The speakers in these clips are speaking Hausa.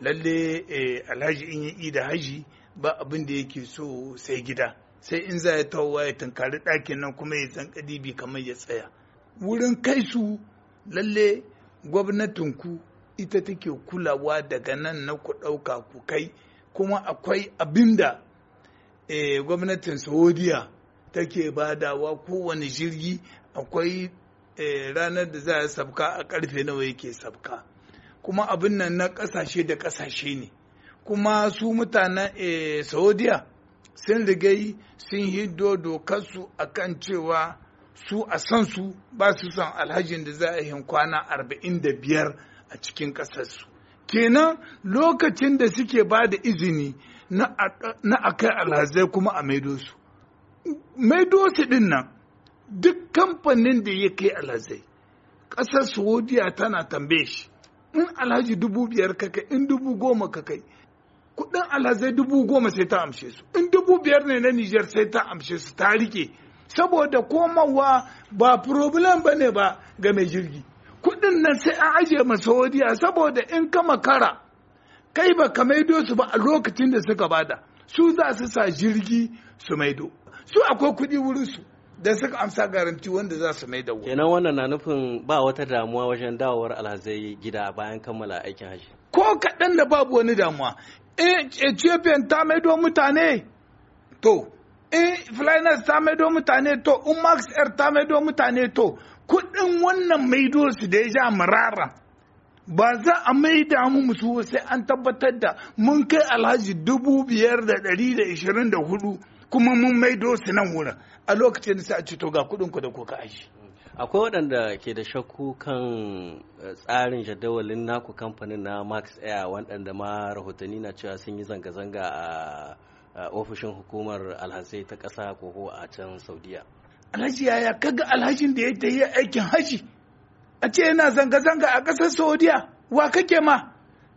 lalle eh, alhaji in yi da haji ba abin da yake so sai gida sai in za ya tawa ya tunkari ɗakin nan kuma ya zanka dibi kamar ya tsaya wurin kai su lalle gwamnatinku ita take kulawa daga nan na ku ɗauka ku kai kuma akwai abin da eh, gwamnatin saudiya take badawa kowane jirgi akwai eh, ranar da za a sabka a karfe nawa yake sabka kuma abin nan na ƙasashe da ƙasashe ne kuma su mutanen eh, saudiya sun rigai sun hiddo dokarsu a kan cewa su a san su ba su son alhajin da za a yi kwana arba'in da biyar a cikin ƙasarsu kenan lokacin da suke ba da izini na a kai alhazai kuma a maido su maido su din nan duk kamfanin da ya kai alhazai ƙasar saudiya tana tambaye shi in alhaji dubu biyar ka kai in dubu goma ka kai kudin alhazai dubu goma sai ta amshe su in dubu biyar ne na nijar sai ta amshe su ta rike saboda komawa ba problem ba ne ba ga mai jirgi kudin nan sai an ajiye masaudiya saboda in ka makara kai ba ka maido su ba a lokacin da suka bada su za su sa jirgi su maido su akwai kudi wurinsu su da suka amsa garanti wanda za su mai da wuri. Kenan wannan na nufin ba wata damuwa wajen dawowar alhazai gida bayan kammala aikin hajji. Ko kaɗan da babu wani damuwa. Eh, Ethiopian ta maido mutane to, eh Flyness ta maido mutane to, Umax Air ta maido mutane to, kuɗin wannan maido su da ya ja murara. Ba za a maida damu musu sai an tabbatar da mun kai alhaji dubu biyar da ɗari da ishirin da hudu. kuma mun maido su nan wurin a lokacin da sai a to ga kudin ku da kuka aji akwai waɗanda ke da shakku kan eh, tsarin jadawalin naku kamfanin na max air waɗanda ma rahotanni na cewa sun yi zanga-zanga a ofishin hukumar alhazai ta ƙasa ko a can saudiya alhaji yaya kaga alhajin da ya ta yi aikin haji a ce yana zanga-zanga a ƙasar saudiya wa kake ma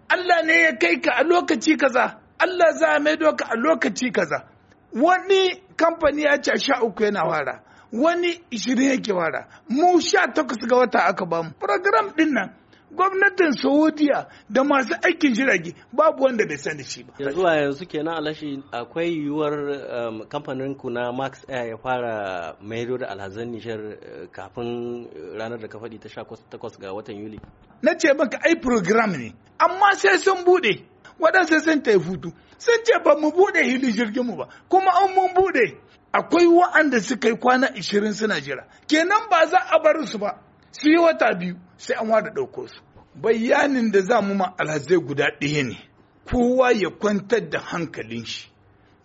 allah ne ya kai ka a lokaci kaza allah za a maido ka a lokaci kaza wani kamfani ya ce sha uku yana wara wani ishirin yake wara mu sha takwas ga wata aka mu. program din nan gwamnatin saudiya da masu aikin jirage babu wanda bai sani shi ba yanzu a yanzu kenan alashi akwai yiwuwar um, kamfanin ku na max air ya fara maido da alhazan nishar eh, kafin ranar da ka faɗi ta takwas ga watan yuli na ce maka ai program ne amma sai sun bude waɗansu sun ta hutu sun ce ba mu buɗe hili jirgin mu ba kuma an mun buɗe akwai wa'anda suka yi kwana ishirin suna jira kenan ba za a bar su ba su yi wata biyu sai an wada ɗauko su bayanin da za mu ma alhazai guda ɗaya ne kowa ya kwantar da hankalin shi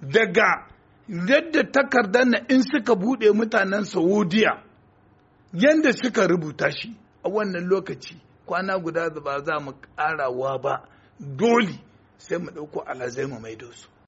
daga yadda takardar na in suka buɗe mutanen saudiya yadda suka rubuta shi a wannan lokaci kwana guda ba za mu ƙarawa ba dole sai mu ɗauko alazai mu maido su